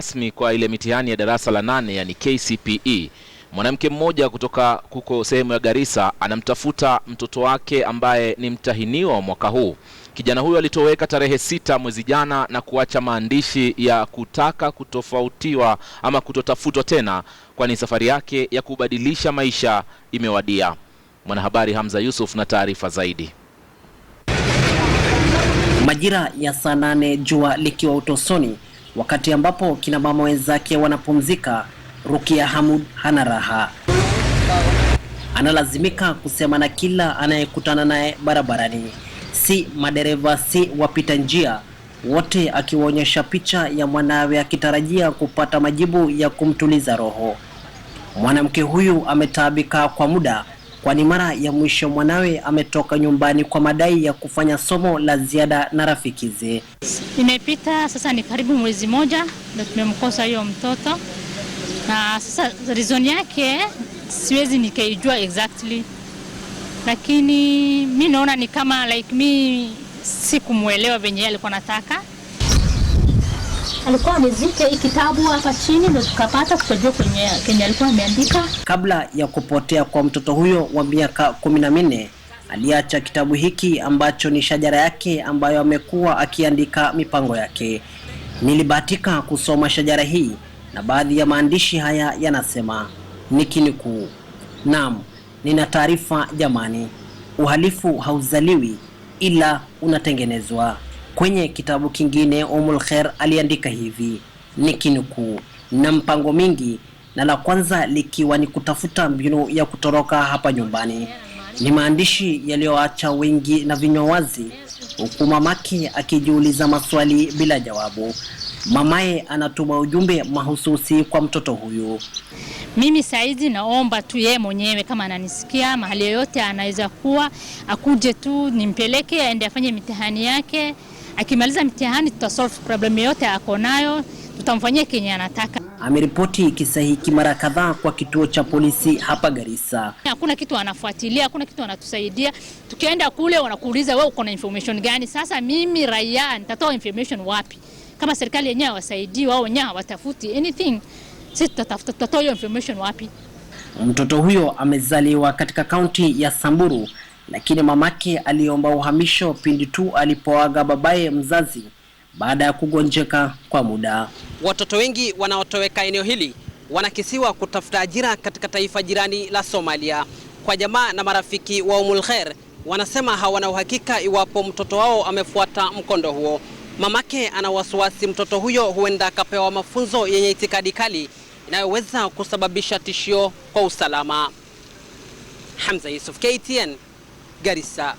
rasmi kwa ile mitihani ya darasa la nane yani KCPE. Mwanamke mmoja kutoka kuko sehemu ya Garissa anamtafuta mtoto wake ambaye ni mtahiniwa mwaka huu. Kijana huyo alitoweka tarehe sita mwezi jana na kuacha maandishi ya kutaka kutofautiwa ama kutotafutwa tena, kwani safari yake ya kubadilisha maisha imewadia. Mwanahabari Hamza Yusuf na taarifa zaidi. Majira ya saa nane jua likiwa utosoni Wakati ambapo kina mama wenzake wanapumzika, Rukia Hamud hana raha, analazimika kusema na kila anayekutana naye barabarani, si madereva, si wapita njia, wote akiwaonyesha picha ya mwanawe akitarajia kupata majibu ya kumtuliza roho. Mwanamke huyu ametaabika kwa muda kwani mara ya mwisho mwanawe ametoka nyumbani kwa madai ya kufanya somo la ziada na rafiki rafikize. Imepita sasa ni karibu mwezi moja ndio tumemkosa hiyo mtoto, na sasa reason yake siwezi nikaijua exactly, lakini mi naona ni kama like mi sikumwelewa venye alikuwa nataka alikuwa amezika hii kitabu hapa chini na tukapata kutojua kwenye kenye alikuwa ameandika. Kabla ya kupotea kwa mtoto huyo wa miaka kumi na minne aliacha kitabu hiki ambacho ni shajara yake ambayo amekuwa akiandika mipango yake. Nilibahatika kusoma shajara hii na baadhi ya maandishi haya yanasema, nikinukuu: naam, nina taarifa jamani, uhalifu hauzaliwi ila unatengenezwa. Kwenye kitabu kingine Umul Khair aliandika hivi nikinukuu, na mpango mingi na la kwanza likiwa ni kutafuta mbinu ya kutoroka hapa nyumbani. Ni maandishi yaliyoacha wengi na vinywa wazi, huku mamake akijiuliza maswali bila jawabu. Mamaye anatuma ujumbe mahususi kwa mtoto huyu. Mimi saizi naomba tu yeye mwenyewe kama ananisikia mahali yoyote, anaweza kuwa akuje tu nimpeleke aende afanye mitihani yake akimaliza mtihani tutasolve problem yote ako nayo, tutamfanyia kenye anataka. Ameripoti kisa hiki mara kadhaa kwa kituo cha polisi hapa Garissa. Hakuna kitu anafuatilia, hakuna kitu anatusaidia. Tukienda kule wanakuuliza wewe uko na information gani? Sasa mimi raia nitatoa information wapi? Kama serikali yenyewe hawasaidii, wao wenyewe hawatafuti anything, sisi tutatafuta, tutatoa hiyo information wapi? Mtoto huyo amezaliwa katika kaunti ya Samburu lakini mamake aliomba uhamisho pindi tu alipoaga babaye mzazi baada ya kugonjeka kwa muda. Watoto wengi wanaotoweka eneo hili wanakisiwa kutafuta ajira katika taifa jirani la Somalia. Kwa jamaa na marafiki wa Umul wanasema hawana uhakika iwapo mtoto wao amefuata mkondo huo. Mamake ana wasiwasi mtoto huyo huenda akapewa mafunzo yenye itikadi kali inayoweza kusababisha tishio kwa usalama. Hamza Yusuf, KTN. Garissa.